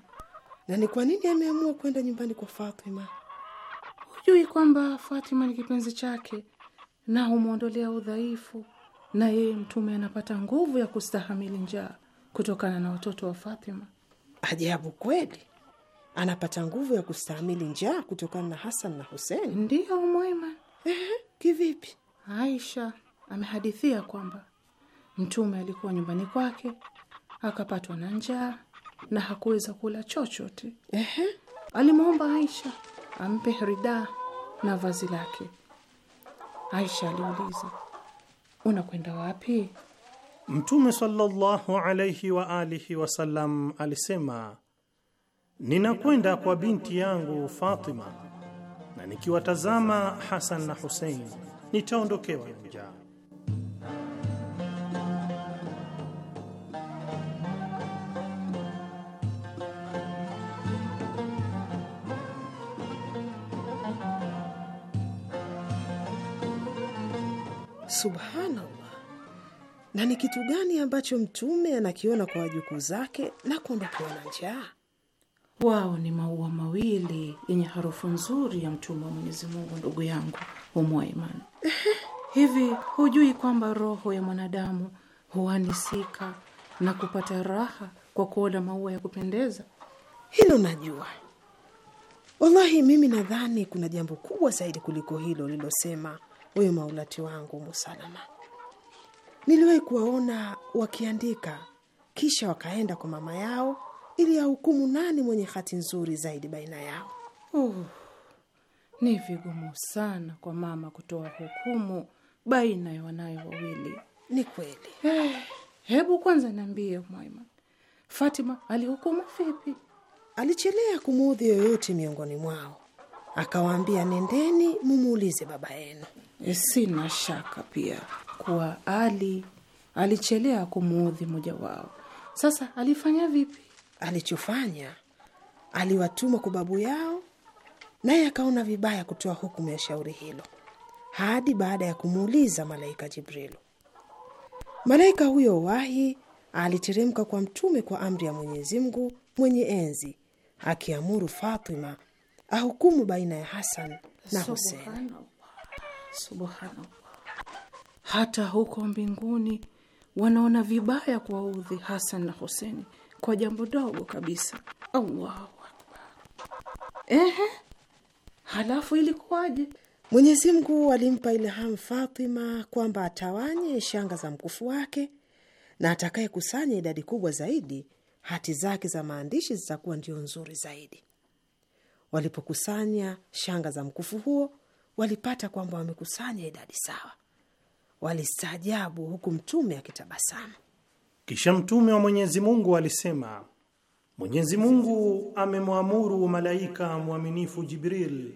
na ni kwa nini ameamua kwenda nyumbani kwa Fatima? Hujui kwamba Fatima ni kipenzi chake na humwondolea udhaifu, na yeye Mtume anapata nguvu ya kustahamili njaa kutokana na watoto wa Fatima. Ajabu kweli, anapata nguvu ya kustahamili njaa kutokana na Hasan na husen Ndiyo mwema. Ehe, kivipi? Aisha amehadithia kwamba Mtume alikuwa nyumbani kwake akapatwa na njaa na hakuweza kula chochote. Ehe, alimwomba Aisha ampe ridaa na vazi lake. Aisha aliuliza, unakwenda wapi? Mtume sallallahu alayhi wa alihi wasallam alisema, ninakwenda kwa binti yangu Fatima, na nikiwatazama Hasan na Husein nitaondokewa na njaa. Subhanallah! Na ni kitu gani ambacho mtume anakiona kwa wajukuu zake na kuondokewa na njaa? Wao ni maua mawili yenye harufu nzuri ya mtume wa Mwenyezi Mungu. Ndugu yangu umoa imani, hivi hujui kwamba roho ya mwanadamu huanisika na kupata raha kwa kuona maua ya kupendeza? Hilo najua wallahi. Mimi nadhani kuna jambo kubwa zaidi kuliko hilo lilosema huyu maulati wangu musalama Niliwahi kuwaona wakiandika kisha wakaenda kwa mama yao ili ahukumu nani mwenye hati nzuri zaidi baina yao. Uh, ni vigumu sana kwa mama kutoa hukumu baina ya wanayo wawili. Ni kweli. Hey, eh, hebu kwanza niambie Mwaiman, Fatima alihukumu vipi? Alichelea kumuudhi yoyote miongoni mwao, akawaambia nendeni mumuulize baba yenu. Eh, sina shaka pia kuwa Ali alichelea kumuudhi mmoja wao. Sasa alifanya vipi? Alichofanya, aliwatuma kwa babu yao, naye akaona vibaya kutoa hukumu ya shauri hilo hadi baada ya kumuuliza malaika Jibrilu. Malaika huyo wahi aliteremka kwa mtume kwa amri ya Mwenyezi Mungu mwenye enzi, akiamuru Fatima ahukumu baina ya Hasan na Husein. Subhanallah, hata huko mbinguni wanaona vibaya kuwaudhi Hasan na Huseni kwa jambo dogo kabisa. Allahu akbar! Ehe, halafu ilikuwaje? Mwenyezi Mungu alimpa ilham Fatima kwamba atawanye shanga za mkufu wake, na atakayekusanya idadi kubwa zaidi, hati zake za maandishi zitakuwa ndio nzuri zaidi. Walipokusanya shanga za mkufu huo, walipata kwamba wamekusanya idadi sawa. Walistaajabu huku mtume akitabasamu. Kisha mtume wa Mwenyezi Mungu alisema, Mwenyezi Mungu amemwamuru malaika mwaminifu Jibril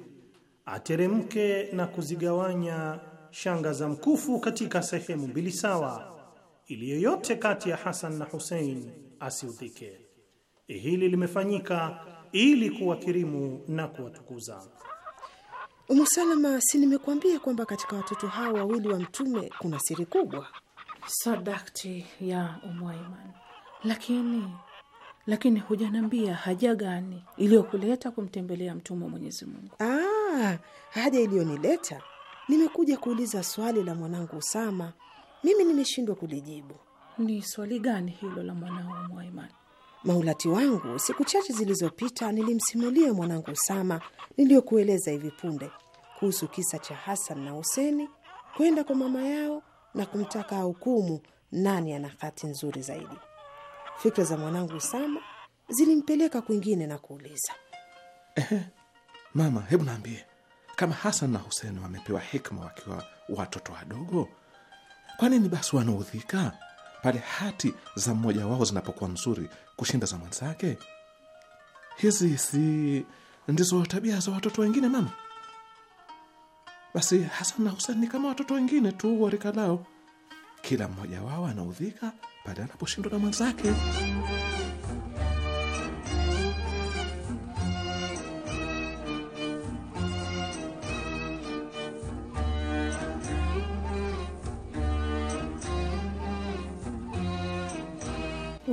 ateremke na kuzigawanya shanga za mkufu katika sehemu mbili sawa, ili yoyote kati ya Hasan na Husein asiudhike. Hili limefanyika ili kuwakirimu na kuwatukuza. Umusalama, si nimekuambia kwamba katika watoto hawa wawili wa Mtume kuna siri kubwa? Sadakti ya Umwaiman, lakini lakini hujaniambia haja gani iliyokuleta kumtembelea Mtume wa Mwenyezi Mungu? Ah, haja iliyonileta nimekuja kuuliza swali la mwanangu Usama, mimi nimeshindwa kulijibu. Ni swali gani hilo la mwanao Umwaiman? Maulati wangu, siku chache zilizopita nilimsimulia mwanangu Usama niliyokueleza hivi punde kuhusu kisa cha Hasan na Huseni kwenda kwa mama yao na kumtaka hukumu nani ana hati nzuri zaidi. Fikra za mwanangu Usama zilimpeleka kwingine na kuuliza, ehe, mama, hebu naambie, kama Hasan na Huseni wamepewa hikma wakiwa watoto wadogo, kwa nini basi wanaudhika pale hati za mmoja wao zinapokuwa nzuri kushinda za mwenzake? Hizi si ndizo tabia za watoto wengine, mama? Basi Hasan na Husen ni kama watoto wengine tu wa rika lao, kila mmoja wao anaudhika pale anaposhindwa na mwenzake.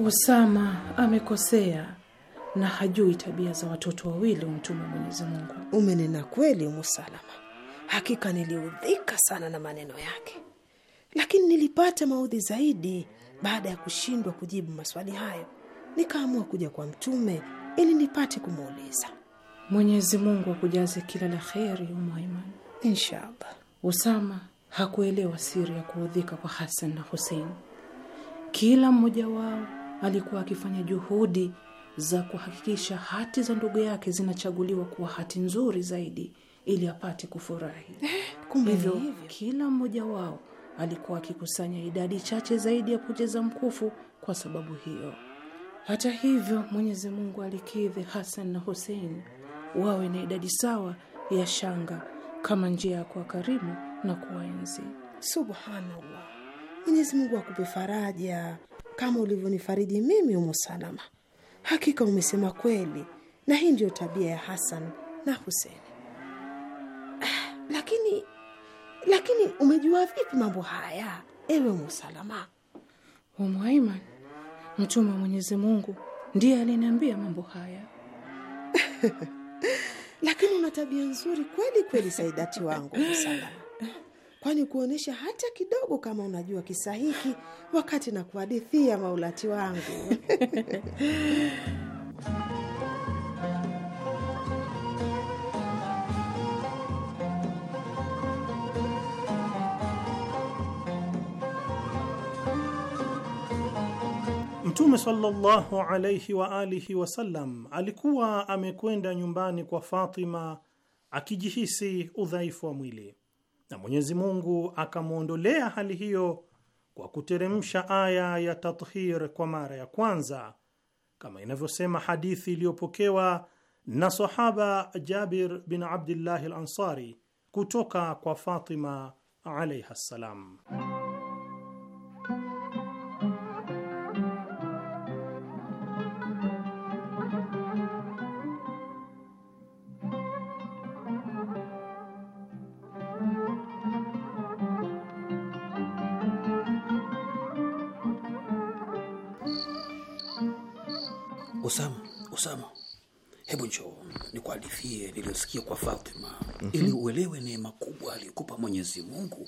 Usama amekosea na hajui tabia za watoto wawili wa mtume wa Mwenyezi Mungu. Umenena kweli, Musalama. Hakika niliudhika sana na maneno yake, lakini nilipata maudhi zaidi baada ya kushindwa kujibu maswali hayo. Nikaamua kuja kwa Mtume ili nipate kumuuliza. Mwenyezi Mungu akujaze kila la kheri, Umu Aiman, inshallah. Usama hakuelewa siri ya kuudhika kwa Hasan na Husein. Kila mmoja wao alikuwa akifanya juhudi za kuhakikisha hati za ndugu yake zinachaguliwa kuwa hati nzuri zaidi ili apate kufurahi. Hivyo kila mmoja wao alikuwa akikusanya idadi chache zaidi ya punje za mkufu kwa sababu hiyo. Hata hivyo, Mwenyezi Mungu alikidhi Hasan na Husein wawe na idadi sawa ya shanga kama njia ya kuwa karimu na kuwaenzi. Subhanallah, Mwenyezi Mungu akupe faraja kama ulivyonifariji mimi umo Salama. Hakika umesema kweli, na hii ndiyo tabia ya Hasan na Huseni. Ah, lakini lakini umejua vipi mambo haya ewe Umu Salama? Umwaiman, mtume wa Mwenyezi Mungu ndiye aliniambia mambo haya. Lakini una tabia nzuri kweli kweli, Saidati wangu Salama kwani kuonyesha hata kidogo kama unajua kisahiki wakati na kuhadithia maulati wangu. Mtume sallallahu alaihi wa alihi wasallam alikuwa amekwenda nyumbani kwa Fatima akijihisi udhaifu wa mwili na Mwenyezi Mungu akamwondolea hali hiyo kwa kuteremsha aya ya tathir kwa mara ya kwanza kama inavyosema hadithi iliyopokewa na sahaba Jabir bin Abdillahi al-Ansari kutoka kwa Fatima alayha ssalam. lifie lililosikia kwa Fatima mm -hmm. ili uelewe neema kubwa aliyokupa Mwenyezi Mungu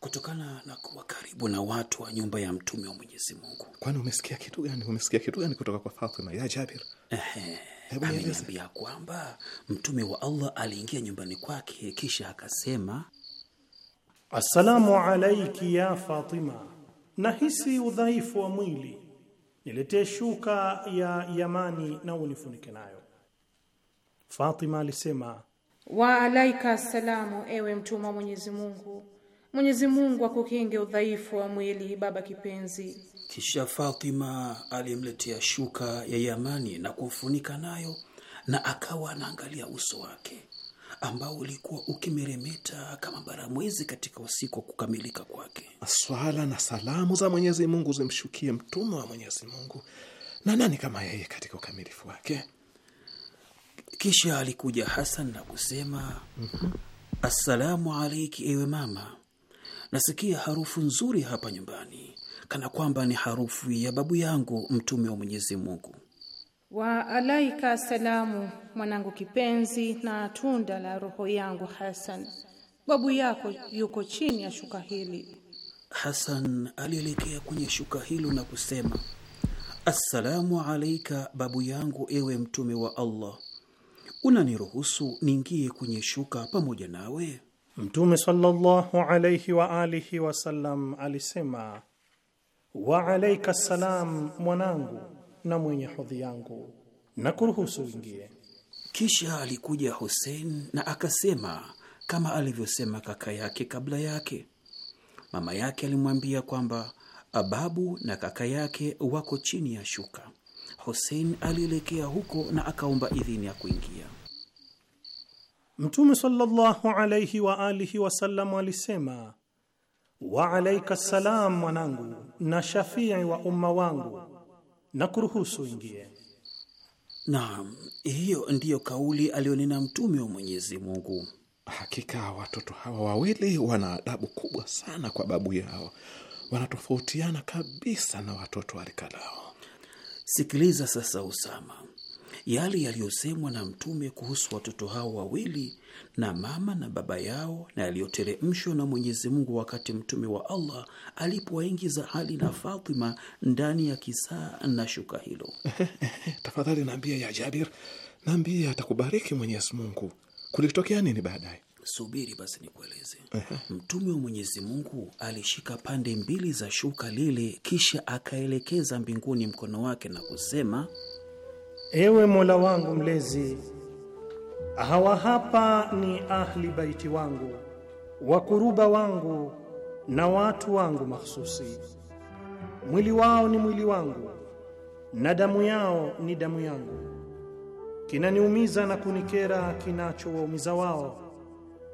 kutokana na kuwa karibu na watu wa nyumba ya mtume wa Mwenyezi Mungu. Kwani umesikia kitu gani? Umesikia kitu gani kutoka kwa Fatima ya Jabir? Ehe, ameniambia kwamba mtume wa Allah aliingia nyumbani kwake kisha akasema, assalamu alaiki ya Fatima, nahisi udhaifu wa mwili, niletee shuka ya Yamani na unifunike nayo. Fatima alisema, wa alaika salamu, ewe mtuma wa Mwenyezi Mungu, Mwenyezi Mungu akukinge udhaifu wa mwili baba kipenzi. Kisha Fatima alimletea shuka ya Yamani na kumfunika nayo, na akawa anaangalia uso wake ambao ulikuwa ukimeremeta kama mwezi katika usiku wa kukamilika kwake. Swala na salamu za Mwenyezi Mungu zimshukie mtume wa Mwenyezi Mungu, na nani kama yeye katika ukamilifu wake? Kisha alikuja Hasan na kusema, mhm. assalamu alaiki, ewe mama, nasikia harufu nzuri hapa nyumbani, kana kwamba ni harufu ya babu yangu Mtume wa Mwenyezi Mungu. Wa alaika salamu, mwanangu kipenzi na tunda la roho yangu Hasan, babu yako yuko chini ya shuka hili. Hasan alielekea kwenye shuka hilo na kusema, assalamu alaika, babu yangu, ewe mtume wa Allah, unaniruhusu niingie kwenye shuka pamoja nawe? Mtume sallallahu alayhi wa alihi wasallam alisema, wa alayka salam, mwanangu na mwenye hodhi yangu, na kuruhusu ingie. Kisha alikuja Hussein na akasema kama alivyosema kaka yake kabla yake. Mama yake alimwambia kwamba ababu na kaka yake wako chini ya shuka. Hussein alielekea huko na akaomba idhini ya kuingia. Mtume sallallahu alayhi wa alihi wasallam alisema, wa alaika salam mwanangu, na shafii wa umma wangu, na kuruhusu ingie. Naam, hiyo ndiyo kauli aliyonena Mtume wa Mwenyezi Mungu. Hakika watoto hawa wawili wana adabu kubwa sana kwa babu yao, wanatofautiana kabisa na watoto walikalao. Sikiliza sasa, Usama yale yaliyosemwa na mtume kuhusu watoto hao wawili na mama na baba yao na yaliyoteremshwa na Mwenyezi Mungu wakati mtume wa Allah alipowaingiza hali na Fatima ndani ya kisaa na shuka hilo. Tafadhali naambia ya Jabir, naambia atakubariki Mwenyezi Mungu. Kulitokea nini baadaye? Subiri basi nikueleze. Mtume wa Mwenyezi Mungu alishika pande mbili za shuka lile, kisha akaelekeza mbinguni mkono wake na kusema Ewe Mola wangu mlezi, hawa hapa ni ahli baiti wangu, wakuruba wangu na watu wangu mahsusi. Mwili wao ni mwili wangu na damu yao ni damu yangu. Kinaniumiza na kunikera kinachowaumiza wao,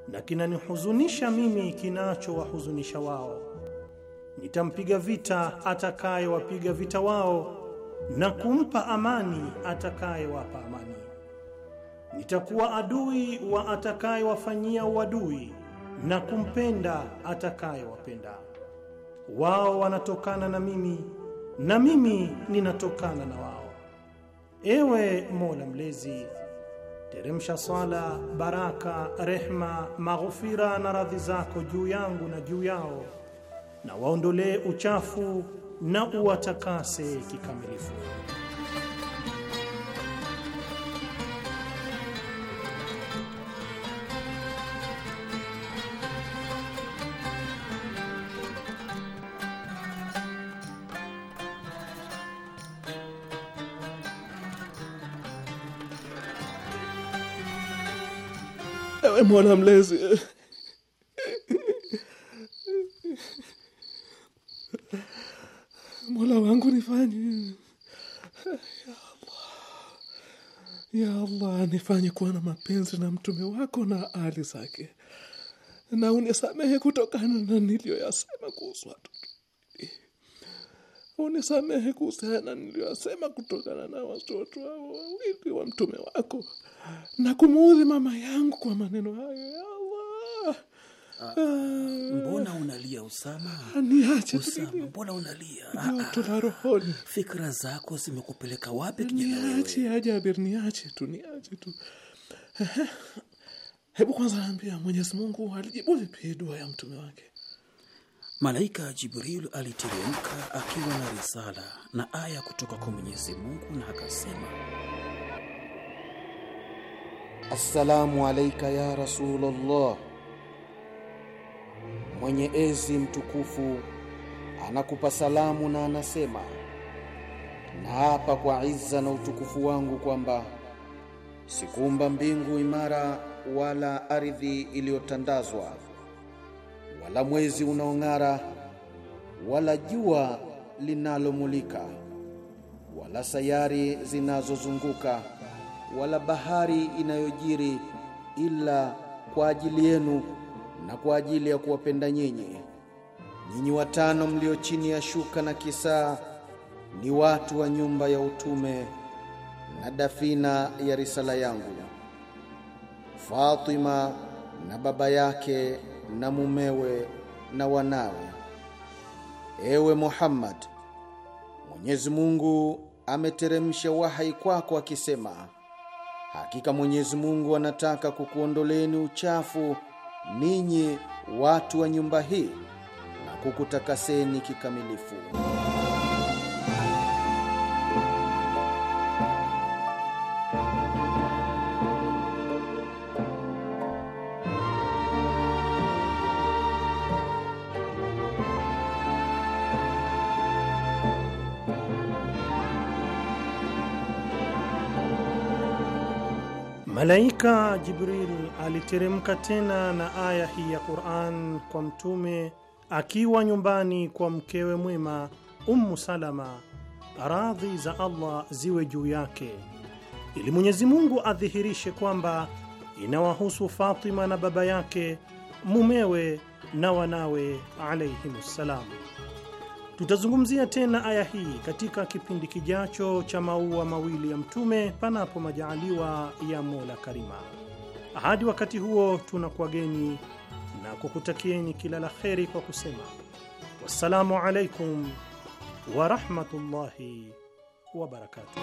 na kinanihuzunisha mimi kinachowahuzunisha wao. Nitampiga vita atakayewapiga vita wao na kumpa amani atakayewapa amani. Nitakuwa adui wa atakayewafanyia uadui na kumpenda atakayewapenda. Wao wanatokana na mimi na mimi ninatokana na wao. Ewe Mola Mlezi, teremsha sala, baraka, rehma, maghufira na radhi zako juu yangu na juu yao, na waondolee uchafu na uwatakase kikamilifu. Ewe Mola Mlezi. Mola wangu nifanye, ya Allah, ya Allah, nifanye kuwa na mapenzi na mtume wako na ali zake, na unisamehe kutokana na niliyoyasema kuhusu watoto unisamehe kuhusiana niliyosema kutokana na watoto hao wawili wa mtume wako na kumuudhi mama yangu kwa maneno hayo, ya Allah. Mbona unalia Usama? Niache Usama, mbona unalia? Joto la ah, ah. rohoni. Fikra zako zimekupeleka wapi kijana wewe? Niache ya Jabir, niache tu, niache tu. Hebu kwanza naambia Mwenyezi Mungu alijibu vipi dua ya mtume wake? Malaika Jibril aliteremka akiwa na risala na aya kutoka kwa Mwenyezi Mungu na akasema: Assalamu alayka ya Rasulullah mwenye ezi mtukufu anakupa salamu na anasema, naapa kwa iza na utukufu wangu kwamba sikuumba mbingu imara wala ardhi iliyotandazwa wala mwezi unaong'ara wala jua linalomulika wala sayari zinazozunguka wala bahari inayojiri ila kwa ajili yenu na kwa ajili ya kuwapenda nyinyi. Nyinyi watano mlio chini ya shuka na kisaa ni watu wa nyumba ya utume na dafina ya risala yangu. Fatima na baba yake na mumewe na wanawe. Ewe Muhammad, Mwenyezi Mungu ameteremsha wahai kwako akisema, hakika Mwenyezi Mungu anataka kukuondoleni uchafu ninyi watu wa nyumba hii na kukutakaseni kikamilifu. Malaika Jibril aliteremka tena na aya hii ya Qur'an kwa mtume akiwa nyumbani kwa mkewe mwema Ummu Salama, radhi za Allah ziwe juu yake, ili Mwenyezi Mungu adhihirishe kwamba inawahusu Fatima na baba yake, mumewe na wanawe alayhimus ssalamu Tutazungumzia tena aya hii katika kipindi kijacho cha Maua Mawili ya Mtume, panapo majaaliwa ya Mola Karima. Hadi wakati huo, tunakuwageni na kukutakieni kila la kheri kwa kusema wassalamu alaikum warahmatullahi wabarakatuh.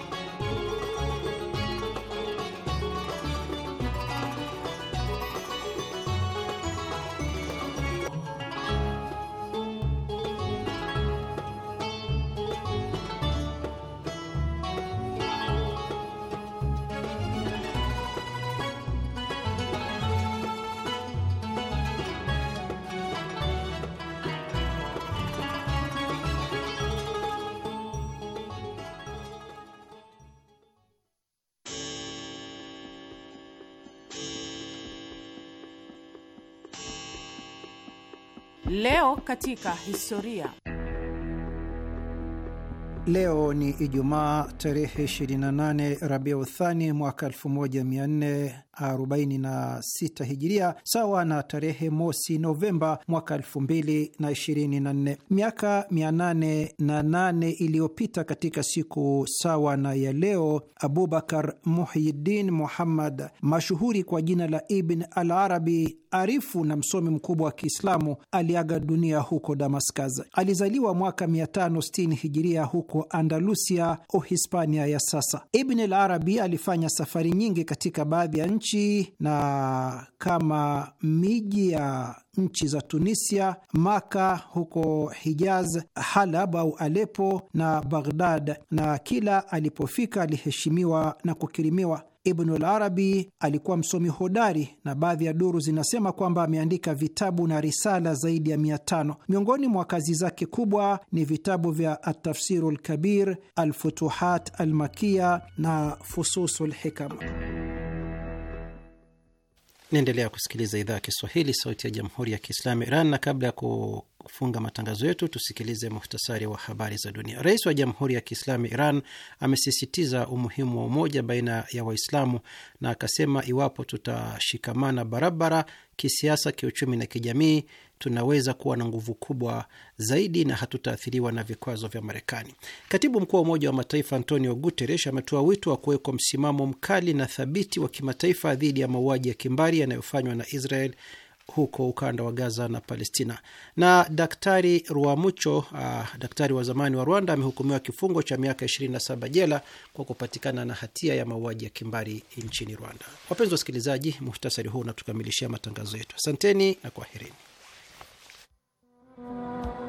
Leo katika historia. Leo ni Ijumaa tarehe 28 Rabiu Thani mwaka 46 hijiria sawa na tarehe mosi Novemba mwaka 2024. Miaka 808 iliyopita katika siku sawa na ya leo, Abubakar Muhyiddin Muhammad mashuhuri kwa jina la Ibn al Arabi, arifu na msomi mkubwa wa Kiislamu aliaga dunia huko Damascus. Alizaliwa mwaka 560 hijiria huko Andalusia, Uhispania ya sasa. Ibn al Arabi alifanya safari nyingi katika baadhi ya nchi nchi na kama miji ya nchi za Tunisia, Maka huko Hijaz, Halab au Alepo na Baghdad, na kila alipofika aliheshimiwa na kukirimiwa. Ibnul Arabi alikuwa msomi hodari na baadhi ya duru zinasema kwamba ameandika vitabu na risala zaidi ya mia tano. Miongoni mwa kazi zake kubwa ni vitabu vya Atafsiru lkabir, Alfutuhat Almakia na Fususu lhikama. Naendelea kusikiliza idhaa ya Kiswahili, sauti ya jamhuri ya kiislamu Iran, na kabla ya kufunga matangazo yetu tusikilize muhtasari wa habari za dunia. Rais wa Jamhuri ya Kiislamu Iran amesisitiza umuhimu wa umoja baina ya Waislamu na akasema, iwapo tutashikamana barabara kisiasa, kiuchumi na kijamii tunaweza kuwa na nguvu kubwa zaidi na hatutaathiriwa na vikwazo vya Marekani. Katibu mkuu wa Umoja wa Mataifa Antonio Guterres ametoa wito wa kuwekwa msimamo mkali na thabiti wa kimataifa dhidi ya mauaji ya kimbari yanayofanywa na Israel huko ukanda wa Gaza na Palestina. Na Daktari Ruamucho, uh, daktari wa zamani wa Rwanda, amehukumiwa kifungo cha miaka 27 jela kwa kupatikana na hatia ya mauaji ya kimbari nchini Rwanda. Wapenzi wasikilizaji, muhtasari huu unatukamilishia matangazo yetu. Asanteni na kwaherini. Thank you.